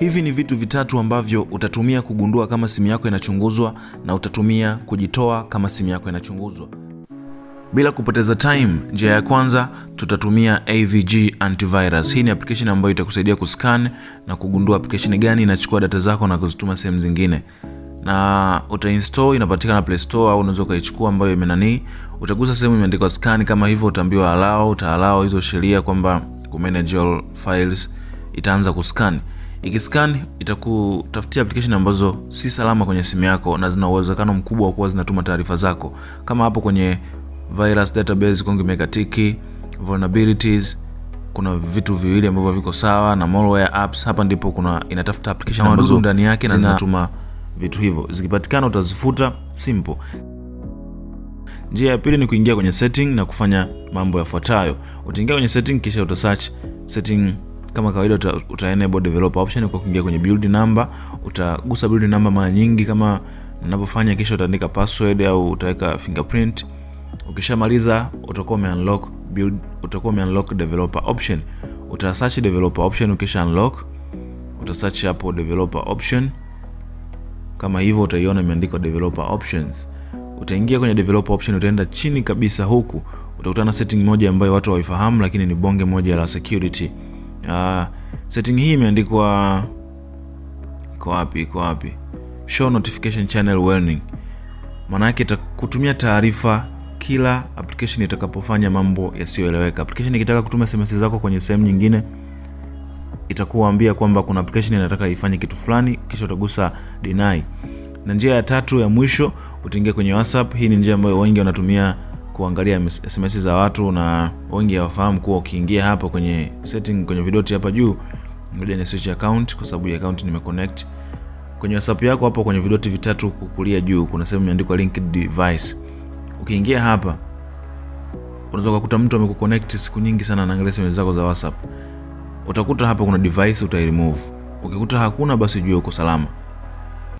Hivi ni vitu vitatu ambavyo utatumia kugundua kama simu yako inachunguzwa na utatumia kujitoa kama simu yako inachunguzwa. Bila kupoteza time, njia ya kwanza tutatumia AVG antivirus. Hii ni application ambayo itakusaidia kuscan na kugundua application gani inachukua data zako na kuzituma sehemu zingine, na utainstall, inapatikana Play Store au unaweza ukaichukua ambayo imenani. Utagusa sehemu imeandikwa scan, kama hivyo utaambiwa allow, utaallow hizo sheria kwamba kumanage all files, itaanza kuscan ikiskan itakutafutia application ambazo si salama kwenye simu yako na zina uwezekano mkubwa wa kuwa zinatuma taarifa zako, kama hapo kwenye virus database kongi imeweka tiki vulnerabilities kuna vitu viwili ambavyo viko sawa na malware apps. Hapa ndipo kuna inatafuta application ambazo ndani yake na zinatuma vitu hivyo, zikipatikana utazifuta. Simple. Njia ya pili ni kuingia kwenye setting na kufanya mambo yafuatayo. Utaingia kwenye setting, kisha utasearch setting kama kawaida uta, uta enable developer option kwa kuingia kwenye build number utagusa build number mara nyingi kama ninavyofanya kisha utaandika password au utaweka fingerprint ukishamaliza utakuwa ume unlock build utakuwa ume unlock developer option uta search developer option ukisha unlock uta search hapo developer option kama hivyo utaiona imeandikwa developer options utaingia kwenye developer option utaenda chini kabisa huku utakutana setting moja ambayo watu hawaifahamu lakini ni bonge moja la security Ah, setting hii imeandikwa iko wapi? Iko wapi? Show notification channel warning, maana yake itakutumia taarifa kila application itakapofanya mambo yasiyoeleweka. Application ikitaka kutuma SMS zako kwenye sehemu nyingine itakuambia kwamba kuna application inataka ifanye kitu fulani, kisha utagusa deny. Na njia ya tatu ya mwisho utaingia kwenye WhatsApp. Hii ni njia ambayo wengi wanatumia kuangalia SMS za watu, na wengi hawafahamu kuwa ukiingia hapa kwenye setting, kwenye vidoti hapa juu, ngoja ni switch account kwa sababu ya account nimeconnect kwenye WhatsApp yako. Hapo kwenye vidoti vitatu kulia juu, kuna sehemu imeandikwa linked device. Ukiingia hapa unaweza kukuta mtu amekuconnect siku nyingi sana, anaangalia SMS zako za WhatsApp. Utakuta hapa kuna device, utai remove. Ukikuta hakuna, basi jua uko salama.